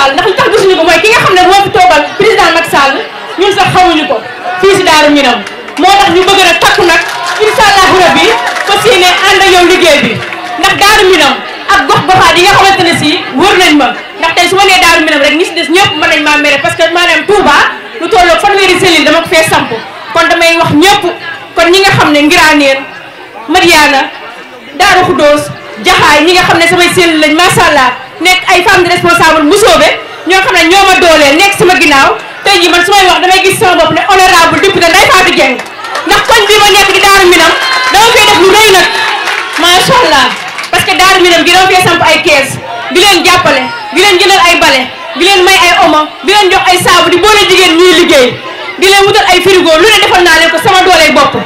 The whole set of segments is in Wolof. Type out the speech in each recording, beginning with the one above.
Sall ndax li tax gisuñu ko mooy ki nga xam ne moo fi toogal président Macky Sall ñun sax xamuñu ko fii si Daaru Minam moo tax ñu bëgg a takku nag incha allahu rabbi fas yéene ànd ak yow liggéey bi ndax Daaru Minam ak gox goxaat yi nga xamante ne si wër nañ ma ndax tey su ma nee Daaru Minam rek ñi si des parce que maanaam Touba lu tolloog fanweeri selil dama ko fee samp kon damay wax ñëpp kon ñi nga xam ne Ngiraneen Madiana Daaru Xuddoos Jaxaay ñi nga xam ne samay selil lañ macha allah nekk ay femmes de responsable Moussoobe ñoo xam ne ñoo ma dooleel nekk sama ginnaaw tey jii man su may wax damay gis sama bopp ne honorable député Ndeye Fatou Dieng ndax koñ bii ma nekk di Darou Minam dama fee def lu rëy nag macha allah parce que Darou Minam gi dama fee samp ay kees di leen jàppale di leen jëndal ay bale di leen may ay omo di leen jox ay saabu di boole jigéen ñuy liggéey di leen wutal ay frigo lu ne defal naa leen ko sama dooley bopp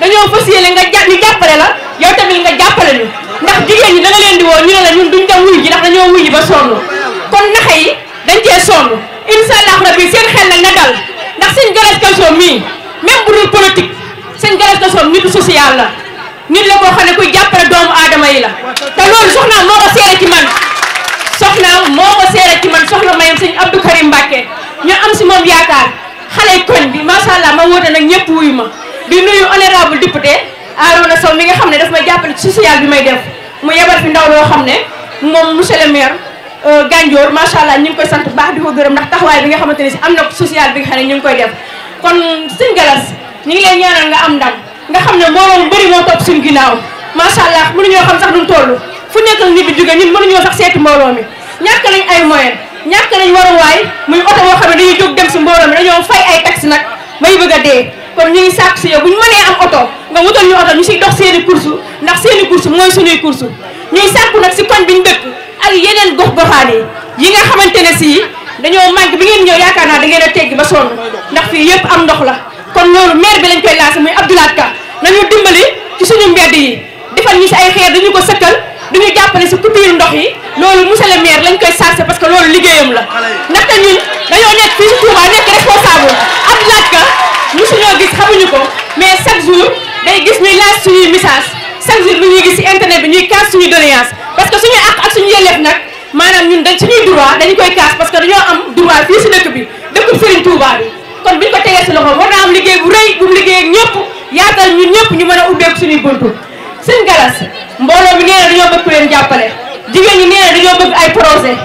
dañoo fas nga jàpp ñu jàppale la yow tamit nga jàppale ñu ndax jigéen ñi da nga leen di woo ñu ne la ñun duñ dem wuy ji ndax dañoo wuy ji ba sonn kon naxe yi dañ cee sonn incha allah rabi seen xel nag na dal ndax seen Galas Kalsom mii même bu dul politique nit social la nit la koo xam ne kuy jàppale doomu aadama yi la te loolu soxnaa moo ko seere ci man soxnaa moo ko seere ci man soxna mayam sëñ Abdou Karim Mbacke ñu am si moom yaakaar xale koñ bi macha allah ma woote di nuyu honorable député Arouna Sow mi nga xam ne daf may jàppale ci social bi may def mu yebal fi ndaw loo xam ne moom monsieur le maire euh, Gandior macha allah ñu ngi koy sant baax di ko gërëm ndax taxawaay bi nga xamante ne si am na social bi nga xam ne ñu ngi koy def kon suñ ñu ngi leen ñaanal nga am ndam nga xam ne mbooloo mu bëri moo topp suñ ginnaaw macha allah mënuñoo xam sax duñ toll fu nekk nit bi jóge ñun mënuñoo sax seeti mbooloo mi ñàkk nañ dem si mbooloo dañoo fay ay taxi nag may bëgg kon ñu ngi sàkk si yow bu ñu mënee am oto nga wutal ñu oto ñu siy dox seen i course ndax seen i mooy suñuy course ñuy sàkku nag si koñ bi ñu dëkk ak yeneen gox goxaan yi nga xamante ne dañoo manqué bi ngeen ñëw yaakaar naa da ngeen a teggi ba sonn ndax fii yëpp am ndox la kon loolu maire bi lañ koy lancé muy Abdoulaye Ka nañu dimbali ci suñu mbedd yi defal ñu si ay xeer dañu ko sëkkal duñu jàppale si coupure ndox yi loolu monsieur le maire lañ koy parce que loolu liggéeyam la ndaxte ñun dañoo musu ñoo gis xamuñu ko mais chaque jour day gis ñuy laaj suñuy message chaque jour bu ñuy gis ci internet bi ñuy kaas suñuy doléance parce que suñuy àq ak suñu yelleef nag maanaam ñun dañ suñuy droit dañu koy kaas parce que dañoo am droit fii si dëkk bi dëkkub bi kon buñ ko tegee si loxo war am liggéey bu rëy mu liggéey ak ñëpp yaatal ñun ñëpp ñu mën a ubbeeku suñuy buntu seen galas mbooloo bi nee na dañoo bëgg ku leen jàppale jigéen ñi nee na dañoo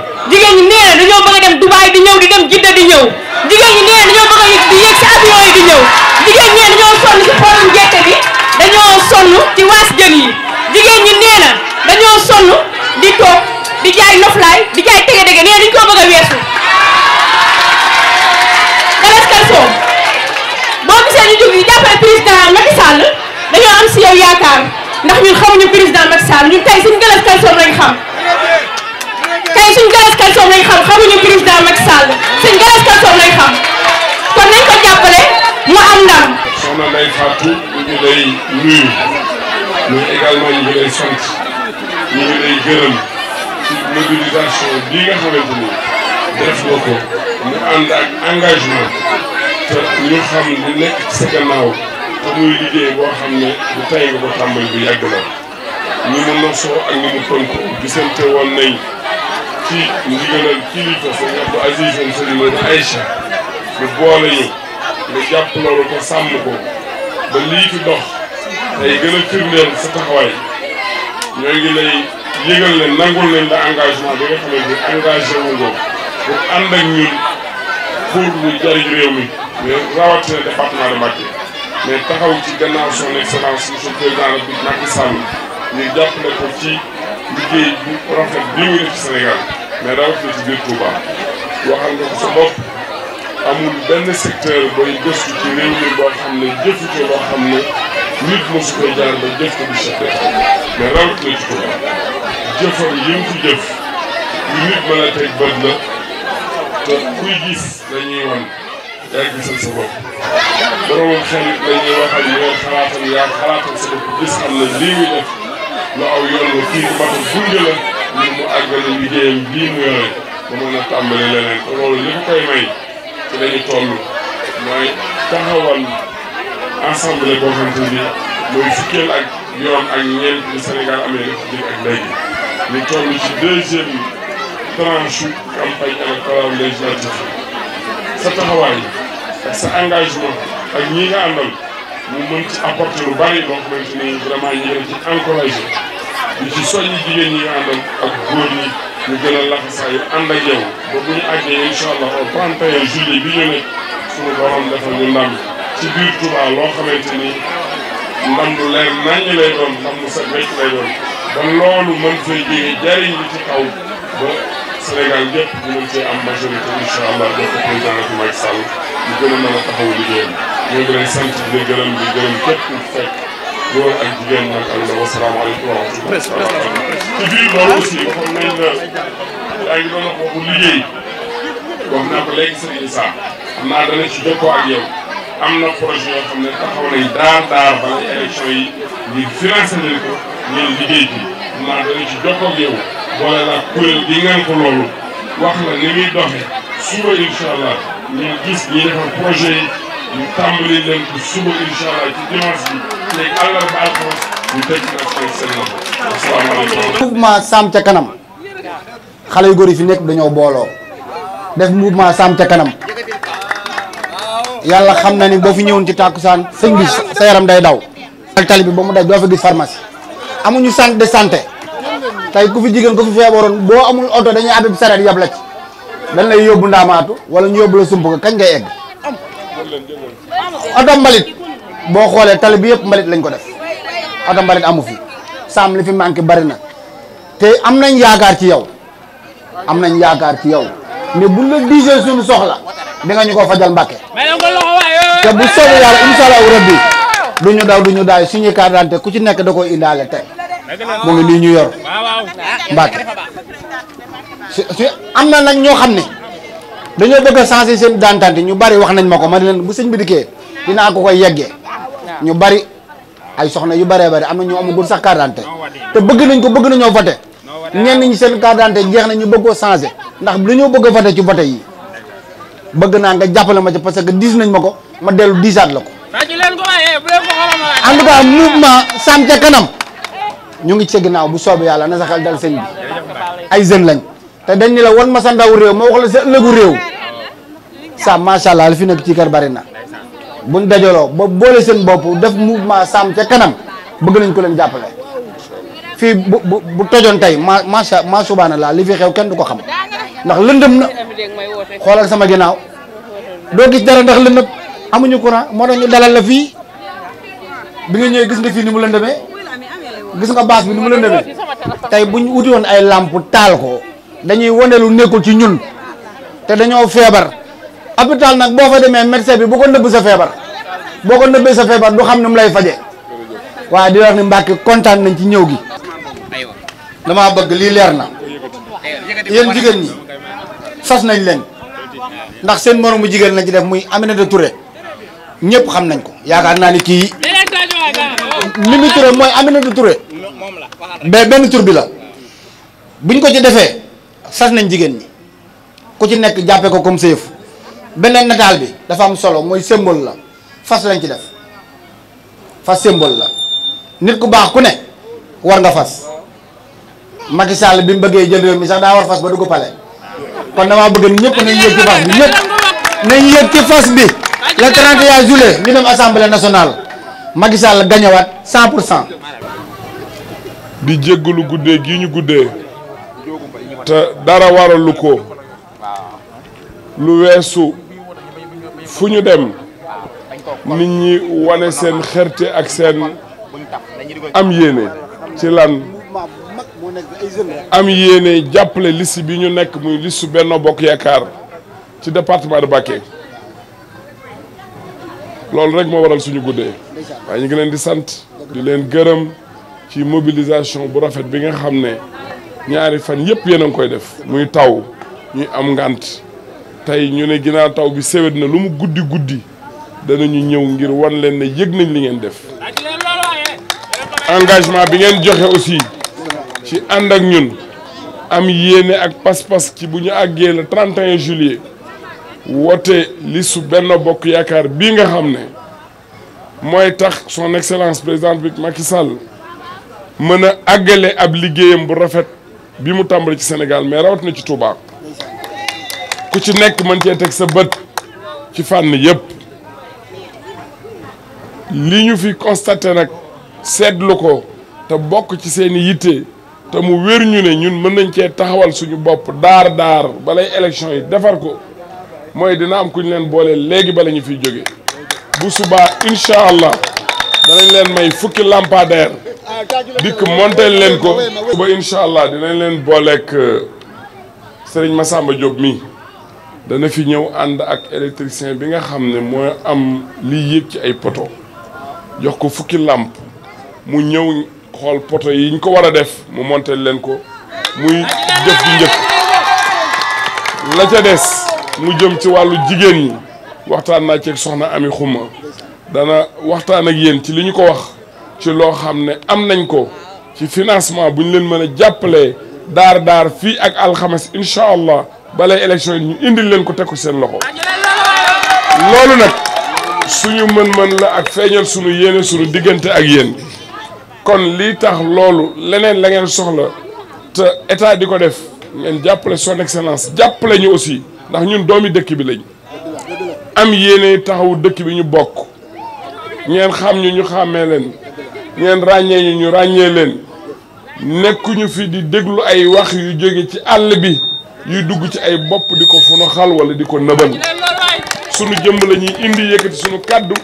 di ñëw di jigéen ñi nee dañoo bëgg yëg di yëg si avion yi di ñëw jigéen ñi nee dañoo sonn si xoolum gerte bi dañoo sonn ci waas jën yi jigéen ñi nee dañoo sonn di toog di jaay noflaay di jaay tege-dege nee dañu koo bëgg weesu. Blaise boo gisee ñu jóg ñu jàppale président Macky dañoo am si yow yaakaar ndax ñun xamuñu président Macky Sall tey suñu Blaise lañ xam. tey suñ Galass Kaltoum lañ xam xamuñu président Macky Sall suñ Galass Kaltoum lañ xam kon nañ ko jàppale mu am ndam. soxna Ndeye xam nekk sa gannaaw te liggéey boo xam ne bu tay nga ko tàmbali bu yàgg la ñu mu nosoo ak ñu mu tënku gisante woon nañ. ci ñu ndigalal kilifa sëñ Abdou Aziz ak sëñ Maodo Aïcha ñu boole ñu nga jàpp loolu ko sàmm ko ba lii fi dox tey gën a firndeel sa taxawaay ñoo ngi lay yëgal ne nangul nañ la engagement bi nga xamante ni engagé wu nga pour ànd ak ñun pour ñu jariñ réew mi mais rawatina département de Mbacké mais taxaw ci gannaaw son excellence monsieur le président Macky Sall ñu jàppale ko ci liggéey bu rafet bi mu def ci Sénégal mais rawatina ci biir Touba waxal nga ko sa bopp amul benn secteur booy gëstu ci réew mi boo xam ne jëf ko loo xam ne nit mosu koy jaar ba jëf ko du secteur mais rawatina ci Touba jëfam yéen ko jëf yu nit mën a teg bët la te kuy gis dañuy wan yaa gisal sa bopp borom yaa xalaatal sa gis xam ne lii def lu aw yoon la kii matal gunge la. ngir mu àggale liggéeyam bii mu yore ba mën a tàmbali leneen te loolu li ko koy may ci lañu toll mooy taxawal ensemble boo xamante ni mooy ak yoon ak ñeent bi Sénégal amee république ak léegi ñu toll ci deuxième tranche campagne électorale législative sa taxawaay ak sa engagement ak ñi nga àndal mu mën ci apporter lu bari loo ni vraiment ñu ngi di ci soññi jigéen ñi nga àndal ak góor ñi ñu gën a laxasaayu ànd ak a ba bu ñu àggee incha allah au 31 juillet bi ñu nekk suñu borom defal ñu ndam ci biir Touba loo xamante ni ndam lu leer naññ lay doon ndam lu set wecc lay doon ba loolu mën fee jógee jariñ li ci kaw ba Sénégal yëpp ñu mën cee am majorité incha allah jox a président ak Macky Sall ñu gën a mën a taxaw liggéeyam ñoo ngi leen sant di leen gërëm di gërëm képp ku góor ak jigéen nag ak yow asalaamaaleykum wa rahmatulah. ci biir loolu aussi xam nañ liggéey wax naa ko léegi sëriñ Issa xam dana ci jokkoo ak yow am na projet yoo xam ne taxaw daar daar bala élection yi ngir financé nañ ko ngeen liggéey bi xam naa dana ci jokkoo ak yow boole la kuréel gi ngeen ko loolu wax la ni doxe suba incha allah gis ñi defar projet yi ñu tàmbali leen suba incha allah ci bi. lay àllarba alxames ca kanam xale yu góor yi fi nekk dañoo booloo def mouvement Samm ca kanam yàlla xam na ni boo fi ñëwoon ci tàkkusaan sëñ bi sa yaram day daw. ak tali bi ba mu daj doo fa gis pharmacie amuñu centre de santé tey ku fi jigéen ku fi feebaroon boo amul oto dañuy abib sareet yab la ci dañ lay yóbbu ndaamaatu wala ñu yóbbu la sump kañ ngay egg oto mbalit boo xoolee tali bi yëpp mbalit lañ ko def oto mbalit amu fi saam li fi manqué bari na te am nañ yaakaar ci yow am nañ yaakaar ci yow mais buñ la diisee soxla di nga ñu fajal mbàkke te bu soobee du ñu daw du ñu daay suñuy carte d'identité ku ci nekk da koy indaale tey mu ngi ñu yor mbàkke su su am na nag ñoo xam ne dañoo bëgg a changé seen dantante ñu bari wax nañ ma ko ma leen bu sëñ bi dikkee dinaa ko koy yeggee ñu bari ay soxna yu bëree bari am na ñu amagul sax carte d'identité te bëgg nañ ko bëgg nañoo voté ñenn ñi seen carte d'identité jeex na ñu bëggoo changé ndax dañoo bëgg a voté ci voté yi bëgg naa nga jàppale ma ci parce que diis nañ ma ko ma dellu diisaat la ko. en tout cas mouvement Samm ca kanam ñu ngi ci naaw bu soobee yàlla na sa xel dal sëñ bi ay jeunes lañ te dañ ni la wan ma sa ndaw réew ma wax la sa ëllëgu réew Samm macha allah li fi nekk ci kër bari na. buñ dajaloo ba boole seen bopp def mouvement sàmm ca kanam bëgg nañ ko leen jàppale. fii bu bu bu tojoon tey ma macha ma subaana laa li fi xew kenn du ko xam ndax lëndëm na xoolal sama ginnaaw doo gis dara ndax lëndëm amuñu courant moo tax ñu dalal la fii bi nga ñëwee gis nga fii ni mu lëndëmee gis nga baas bi ni mu lëndëmee tey bu ñu uti woon ay làmp taal ko dañuy wane lu nekkul ci ñun te dañoo feebar. hôpital nag boo fa demee médecin bi bu ko nëbb sa feebar boo ko nëbbee sa feebar du xam ni mu lay faje waaye di wax ni Mbàkke kontaan nañ ci ñëw gi dama bëgg lii leer na yéen jigéen ñi sas nañ leen ndax seen moroomu jigéen la ci def muy Aminata ture ñëpp xam nañ ko yaakaar naa ni kii Mimi Touré mooy na Touré mais benn tur bi la buñ ko ci defee sas nañ jigéen ñi ku ci nekk jàppee ko comme sa yëf beneen nataal bi dafa am solo mooy symbole la fas lañ ci def fas symbole la nit ku baax ku ne war nga fas Macky bi mu bëggee jël réew mi sax daa war fas ba dugg pale kon damaa bëgg ñëpp nañ yëg ci fas bi ñëpp nañ yëg ci ñu dem assemblée nationale Macky Sall gañewaat pour cent. di jéggalu guddee gii ñu guddee te dara waralu ko lu weesu. fu ñu dem nit ñi wane seen xerte ak seen am yéene ci lan am yéene jàppale liste bi ñu nekk muy liste benn Bokk Yaakaar ci département de Mbacké loolu rek moo waral suñu guddee waaye ñu ngi leen di sant di leen gërëm ci mobilisation bu rafet bi nga xam ne ñaari fan yëpp yéen a ngi koy def muy taw ñuy am ngant tey ñu ne ginnaaw taw bi séwét na lu mu guddi guddi ñu ñëw ngir wan leen ne yëg nañ li ngeen def engagement bi ngeen joxe aussi ci ànd ak ñun am yéene ak pas-pas ci bu ñu àggee le 31 juillet woote li su Benno Bokk Yaakaar bii nga xam ne mooy tax son excellence président bi ki Sall mën a àggale ab liggéeyam bu rafet bi mu tàmbali ci Sénégal mais rawat na ci Touba. ku ci nekk mën cee teg sa bët ci fànn yëpp li ñu fi constaté nag seetlu ko te bokk ci seen i yitte te mu wér ñu ne ñun mën nañ cee taxawal suñu bopp daar daar balay élection yi defar ko mooy dina am ku ñu leen boole léegi bala ñu fiy jóge bu subaa incha allah danañ leen may fukki lampadaire dikk montel leen ko. suba incha allah dinañ leen booleek booleeg euh, ma sàmba jóg mii. dana fi ñëw ànd ak électricien bi nga xam ne moo am liy yéeg ci ay poto jox ko fukki làmp mu ñëw xool poto yi ñu ko war a def mu monter leen ko muy jëf ju njëkk la ca des mu jëm ci wàllu jigéen ñi waxtaan naa ceeg soxna Ami Xuma dana waxtaan ak yéen ci li ñu ko wax ci loo xam ne am nañ ko ci financement bu ñu leen mën a jàppalee daar daar fii ak alxames incha allah balay élection yi ñu indil leen ko teg seen loxo loolu nag suñu mën-mën la ak feeñal suñu yéene suñu diggante ak yéen kon lii tax loolu leneen la ngeen soxla te état di ko def ngeen jàppale son excellence jàppale ñu aussi ndax ñun doomi dëkk bi lañ am yéene taxawu dëkk bi ñu bokk ñeen xam ñu ñu xàmmee leen ngeen ràññee ñu ñu ràññee leen nekkuñu fi di déglu ay wax yu jóge ci àll bi yuy dugg ci ay bopp di ko funaxal wala di ko nëbal sunu jëmb la ñuy indi yëkkati sunu kàddu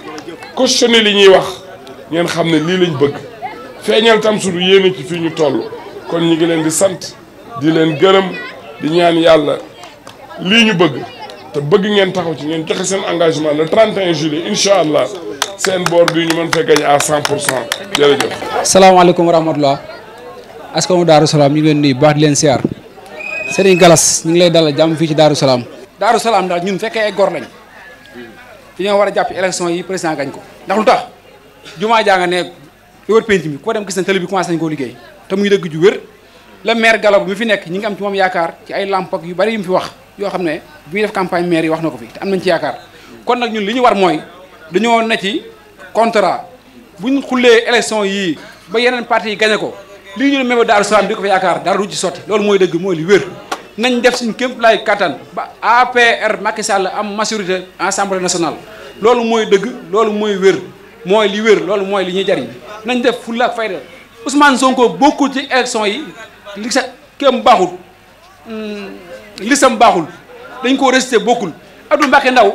questionné li ñuy wax ngeen xam ne lii lañ bëgg feeñal tam sunu yéene ci fii ñu toll kon ñu ngi leen di sant di leen gërëm di ñaan yàlla lii ñu bëgg te bëgg ngeen taxaw ci ngeen joxe seen engagement le 31 juillet incha allah seen boor bi ñu mën fee gagné à pour cent jërëjëf. salaamaaleykum wa rahmatulah. askanu Daaru Salaam ñu leen nuyu baax leen siyaar. Serigne Galas ñu ngi lay dalal jàmm fii ci Darou Salaam. Darou Salaam daal ñun fekkee ay gor lañ fi war a jàpp élection yi président gañ ko ndax lu tax jumaa jaa nga ne li wër penc mi ko dem gis na télé bi commencé koo liggéey te muy dëgg ju wér le maire Galab mi fi nekk ñi ngi am ci moom yaakaar ci ay lamp ak yu bari yu mu fi wax yoo xam ne bu ñuy def campagne maire yi wax na ko fi te am nañ ci yaakaar kon nag ñun li ñu war mooy dañoo ne ci contrat bu ñu xullee élection yii ba yeneen parti yi gañe ko lii ñu ne mébét Daaru Salaam di ko fa yaakaar dara du ci sotti loolu mooy dëgg mooy li wér nañ def suñ képp lay kattan ba APR Macky Sall am majorité assemblée nationale loolu mooy dëgg loolu mooy wér mooy li wér loolu mooy li ñuy jariñ nañ def fu laa fayda Ousmane Sonko bokkul ci élection yi li sa kéem baaxul mm, li baaxul dañ koo resté bokkul Abdou Mbacké Ndaw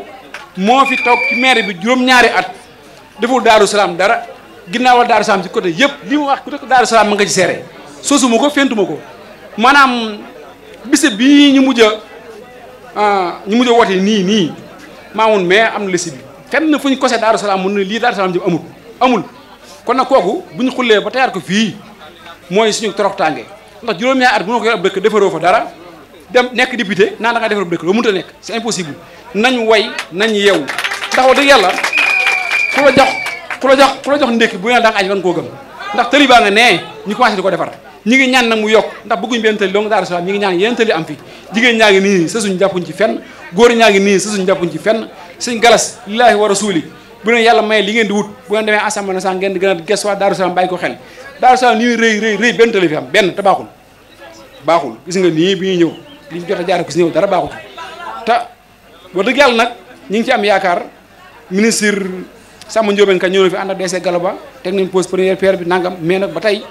moo fi toog ci maire bi juróom-ñaari at deful Daaru Salaam dara ginnaawal Daaru Salaam ci côté yëpp li mu wax ku nekk Daaru Salaam ma nga ci seere sosuma ko fentuma ko maanaam bise bii ñu mujj a ah, ñu mujj a woote nii nii maamun mais am na lisi bi fenn fu ñu kosee Daaru Salaam mun ne lii Daaru Salaam jëm amul amul kon nag kooku bu ñu xullee ba tayaat ko fii mooy suñu toroxtaange ndax juróom-ñaari at bu ma ko yor ab dëkk defaroo fa dara dem nekk di naan da ngaa defar ab dëkk loolu mënut a nekk c'est impossible way nañ yeewu ku la jox ku la jox ndékki bu yàlla da añ wan koo gëm ndax tëli baa nga nee ñu commencé di ko defar ñi ngi ñaan nag mu yokk ndax bëgguñ benn tëli donc Daaru Salaam ñi ngi ñaan yeneen tëli am fi may li ngeen di wut bu ngeen demee ngeen di gën a ges waa Daaru Salaam bàyyi ko xel nga nii bi ñuy ñëw liñ jot a jaare ko si ñëw dara baaxul te wax dëgg yàlla nag ñi ngi ci am yaakaar ministre sàmm njóobeen ka ñëw na fi ànd ak DC Galoba teg nañ pose première bi nangam mais nag ba tey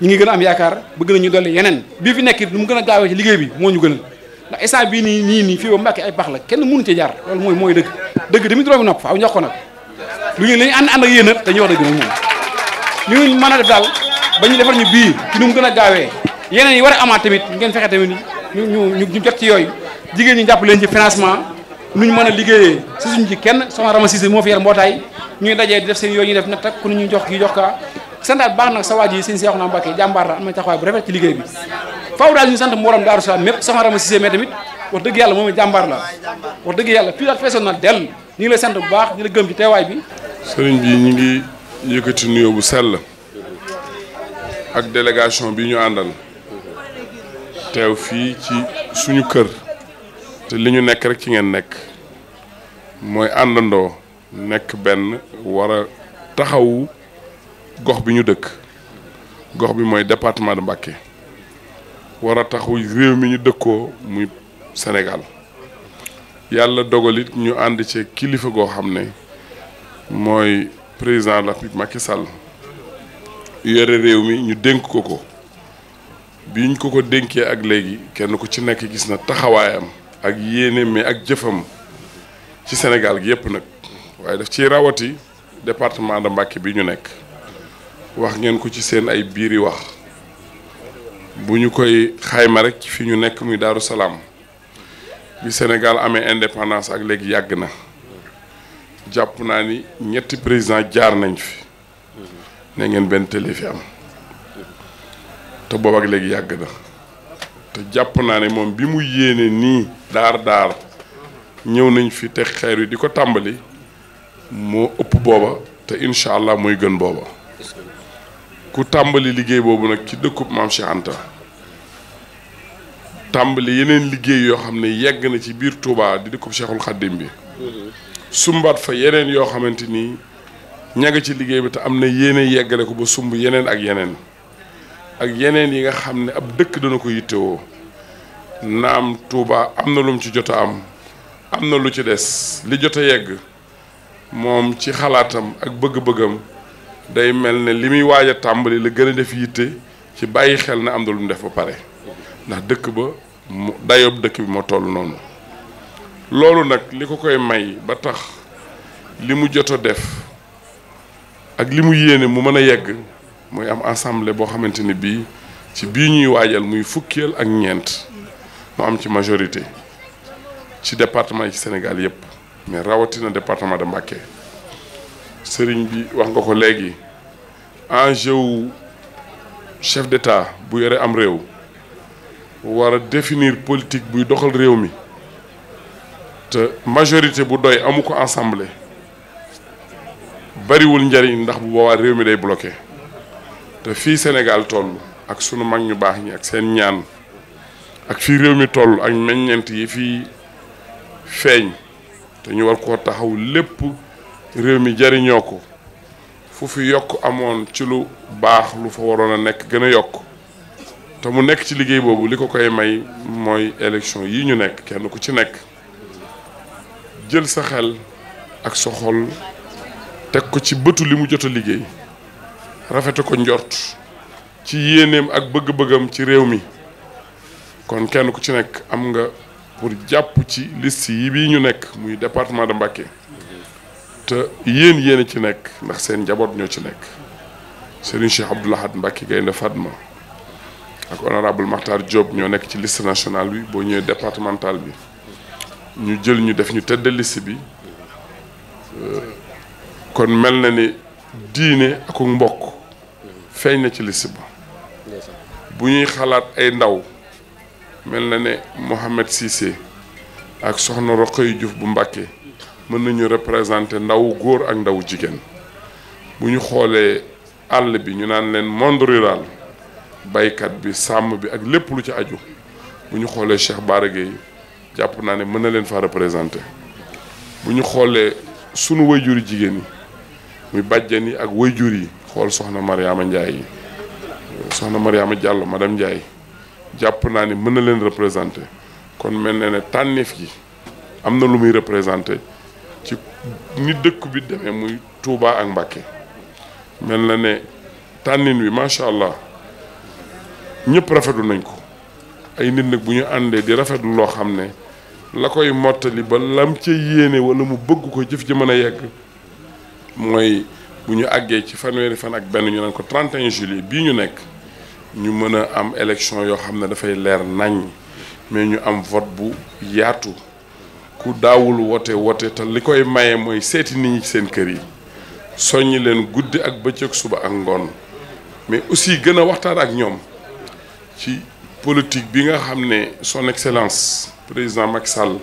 ñu ngi gën a am yaakaar bëgg nañu dolli yeneen bii fi nekk nu mu gën a gaawee ci liggéey bi moo ñu gënal ndax instant bii nii nii nii fii ba Mbàkke ay pax kenn mënu ci jaar loolu mooy mooy dëgg dëgg tamit roobi nopp faaw ñox ko nag lu ñu lañu ànd ak yéen nag dañuy wax dëgg nag moom ñu mën a def ba ñu defar ñu bii ci nu mu gën a gaawee yeneen yi war a amaat tamit ngeen fexe tamit ñu ñu ñu jot ci yooyu jigéen ñi jàpp leen ci financement nu ñu mën a liggéeyee si suñ ci kenn soxna Rama Cissé moo fi yar mbootaay ñuy dajee di def seen yooyu ñuy def nag tak ku ñu jox kii jox kaa santaat baax nag sa yi ji seen Seexuna Mbàkke jàmbaar am na taxawaay bu rafet ci liggéey bi faaw daal ñu sant mboolem Daaru Salaam mépp soxna Rama Cissé mais tamit wax dëgg yàlla moom jàmbaar la wax dëgg yàlla fii daal feesoon na dell ñu ngi lay sant bu baax di la gëm ci teewaay bi sëriñ bi ñu ngi yëkkati nuyoo bu sell ak délégation bi ñu àndal teew fii ci suñu kër te li ñu nekk rek ci ngeen nekk mooy àndandoo nekk benn war a taxawu gox bi ñu dëkk gox bi mooy département de Mbacké war a taxawu réew mi ñu dëkkoo muy senegal yàlla dogalit ñu ànd ci kilifa goo xam ne mooy président de la République Macky yore réew mi ñu dénk ko ko bi ñu ko ko dénkee ak léegi kenn ku ci nekk gis na taxawaayam ak yéene mais ak jëfam ci Sénégal gi yëpp nag waaye daf ci rawati département de Mbacké bi ñu nekk wax ngeen ko ci seen ay biir yi wax bu ñu koy xayma rek fi ñu nekk muy Daaru Salaam bi Sénégal amee indépendance ak léegi yàgg na jàpp naa ni ñetti président jaar nañ fi ne ngeen benn télé fi am te boobu ak léegi yàgg na te jàpp naa ne moom bi mu yéene nii daar daar ñëw nañ fi te xeer yi di ko tàmbali moo ëpp booba te incha allah mooy gën booba ku tàmbali liggéey boobu nag ci dëkku maam Cheikh tàmbali yeneen liggéey yoo xam ne yegg na ci biir Touba di dëkkub Cheikhul Khadim bi sumbaat fa yeneen yoo xamante ni ña ci liggéey bi te am na yéene yeggale ko ba sumb yeneen ak yeneen ak yeneen yi nga xam ne ab dëkk dana ko yittewoo naam Touba am na lum ci jot a am am na lu ci des li jot a yegg moom ci xalaatam ak bëgg-bëggam day mel ne li muy waaja tàmbali la gën a def yitte ci bàyyi xel na am na lu mu def ba pare ndax dëkk ba mu dayob dëkk bi moo toll noonu loolu nag li ko koy may ba tax li mu jot a def ak li mu yéene mu mën a yegg muy am assemblée boo xamante ni bii ci bii ñuy waajal muy fukkeel ak ñeent mu am ci majorité ci département yi ci Sénégal yépp mais rawatina département de Mbacké sëriñ bi wax nga ko léegi enjeu wu chef d'état bu yore am réew wara a définir politique buy doxal réew mi te majorité bu doy amu ko assemblée bariwul njariñ ndax bu boobaa réew mi day bloqué te fii Sénégal toll ak sunu mag ñu baax ñi ak seen ñaan ak fii réew mi toll ak meññeent yi fii feeñ te ñu war koo taxaw lépp réew mi jariñoo ko fu fi yokk amoon ci lu baax lu fa waroon a nekk gën a yokk te mu nekk ci liggéey boobu li ko koy may mooy élection yi ñu nekk kenn ku ci nekk jël sa xel ak sa xol teg ko ci bëtu li mu jot a liggéey rafete ko njort ci yéeneem ak bëgg-bëggam ci réew mi kon kenn ku ci nekk am nga pour jàpp ci list yi bii ñu nekk muy département de Mbacké te yéen yéen ci nekk ndax seen njaboot ñoo ci nekk Serigne Cheikh Abdou Lahad Mbacké Gaïndé Fatma ak honorable Makhtar Diop ñoo nekk ci liste national bi boo ñëwee départemental bi ñu jël ñu def ñu tëdd liste bi euh, kon mel na ni diine ak mbokk feeñ na ci liste ba bu ñuy xalaat ay ndaw mel na ne Mohamed Cissé ak soxna Roqay Diouf bu Mbàkke mën nañu représenter ndawu góor ak ndawu jigéen bu ñu xoolee àll bi ñu naan leen monde rural baykat bi sàmm bi ak lépp lu ci aju bu ñu xoolee Cheikh Bara Gueye jàpp naa ne mën na leen fa représenter bu ñu xoolee sunu wayjur jigéen yi muy bàjjen yi ak wayjur yi xool soxna Mariama Ndiaye soxna Mariama Diallo madame Ndiaye jàpp naa ni mën na leen représenté kon mel na ne tànneef gi am na lu muy représenté ci ni dëkk bi demee muy Touba ak Mbacké mel na ne tànnin wi macha allah ñëpp rafetlu nañ ko ay nit nag bu ñu àndee di rafetlu loo xam ne la koy mottali ba lam ca yéene wala mu bëgg ko jëf ci mën a yegg mooy bu ñu àggee ci fanweeri fan ak benn ñu naan ko 31 juillet bii ñu nekk ñu mën a am élection yoo xam ne dafay leer nañ mais ñu am vote bu yaatu ku daawul woote woote te li koy maye mooy seeti nit ñi ci seen kër yi soññi leen guddi ak bëccëg suba ak ngoon mais aussi gën a waxtaan ak ñoom ci politique bi nga xam ne son excellence président Macky Sall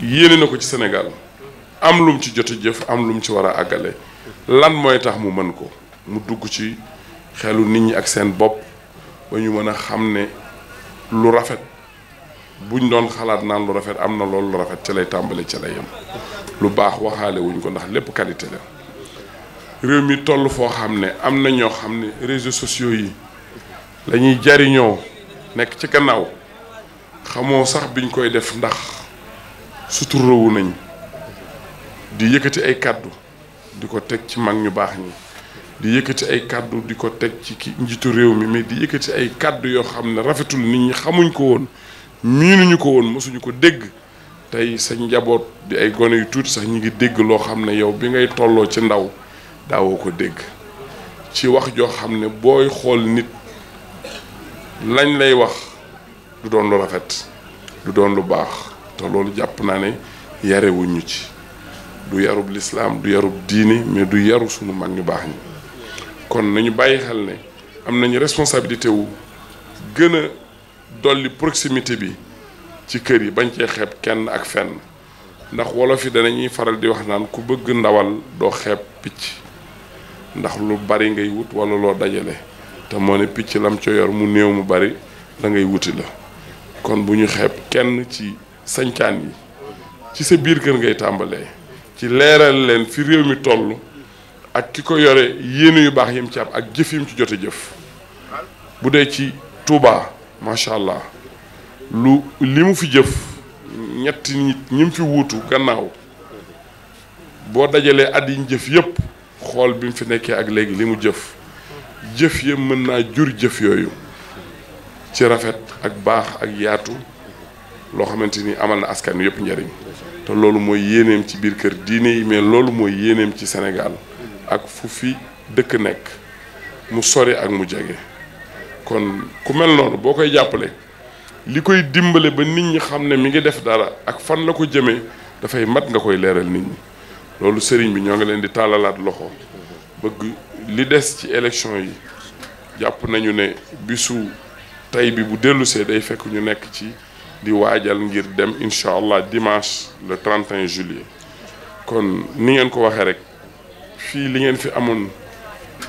yéene na ko ci Sénégal am lum ci jot jëf am lum ci war a àggale lan mooy tax mu mën ko mu dugg ci xelu nit ñi ak seen bopp ba ñu mën a xam ne lu rafet buñ doon xalaat naan lu rafet am na loolu lu rafet ca lay tàmbale ca lay yem lu baax waxaale wuñ ko ndax lépp qualité la réew mi toll foo xam ne am na ñoo xam ne réseau sociaux yi la ñuy jariñoo nekk ci gannaaw xamoo sax biñ koy def ndax suturawu nañ di yëkkati ay kàddu di ko teg ci mag ñu baax ñi di yëkkati ay kàddu di ko teg ci njiitu réew mi mais di yëkkati ay kàddu yoo xam ne rafetul nit ñi xamuñ ko woon miinuñu ko woon mosuñu ko dégg tey sa njaboot di ay gone yu tuuti sax ñu ngi dégg loo xam ne yow bi ngay tolloo ci ndaw daawoo ko dégg ci wax joo xam ne booy xool nit lañ lay wax du doon lu rafet du doon lu baax te loolu jàpp naa ne yarewuñu ci du yarub lislaam du yarub diini mais du yaru sunu mag ñu baax ñi kon nañu bàyyi xel ne am nañu responsabilité wu gën a dolli proximité bi ci kër yi bañ cee xeeb kenn ak fenn ndax wolof yi danañuy faral di wax naan ku bëgg ndawal doo xeeb picc ndax lu bari ngay wut walla loo dajale te moo ne picc lam co yor mu néew mu bari la ngay wuti la kon bu ñu xeeb kenn ci sañcaan yi ci sa biir kër ngay tàmbalee ci leeral leen fi réew mi toll ak ki ko yore yéene yu baax yim ci am ak jëf yim ci jote jëf bu dee ci tuubaa macha allah lu li mu fi jëf ñetti nit ñi mu fi wuutu gannaaw boo dajalee at yiñ jëf yëpp xool bi mu fi nekkee ak léegi li mu jëf jëf yëpp mën naa jur jëf yooyu ci rafet ak baax ak yaatu loo xamante nii amal na askan wi yëpp njariñ te loolu mooy yéeneem ci biir kër diine yi mais loolu mooy yéeneem ci senegal ak fu fi dëkk nekk mu sori ak mu jege kon ku mel noonu boo koy jàppale li koy dimbale ba nit ñi xam ne mu ngi def dara ak fan la ko jëmee dafay mat nga koy leeral nit ñi loolu sëriñ bi ñoo ngi leen di tàllalaat loxo bëgg li des ci élection yi jàpp nañu ne bisu tey bi bu dellusee day fekk ñu nekk ci di waajal ngir dem incha allah dimanche le 31 juillet kon ni ngeen ko waxee rek fii li ngeen fi amoon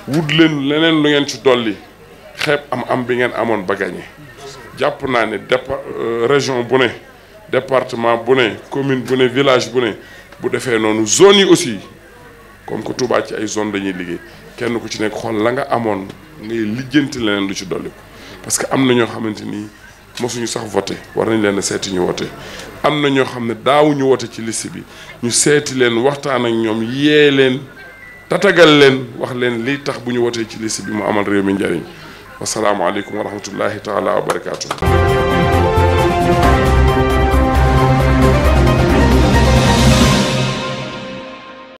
wut leen leneen lu ngeen ci dolli xeeb am am bi ngeen amoon ba gañe jàpp naa ne dépa euh, région bu ne département bu ne commune bu ne village bu ne bu defee noonu zone yi aussi kom que Touba ci ay zone lañuy liggéey kenn ku ci nekk xool la nga amoon ngay lijjanti leneen lu ci dolli ko parce que am na ñoo xamante ni. mosuñu sax voté war nañ leen a seeti ñu wote am na ñoo xam ne daawuñu woote ci liste bi ñu seeti leen waxtaan ak ñoom yee leen tatagal leen wax leen lii tax bu ñu wootee ci lisi bi mu amal réew mi njariñ wasalaamualeykum wa rahmatullahi taala wa barakaatu.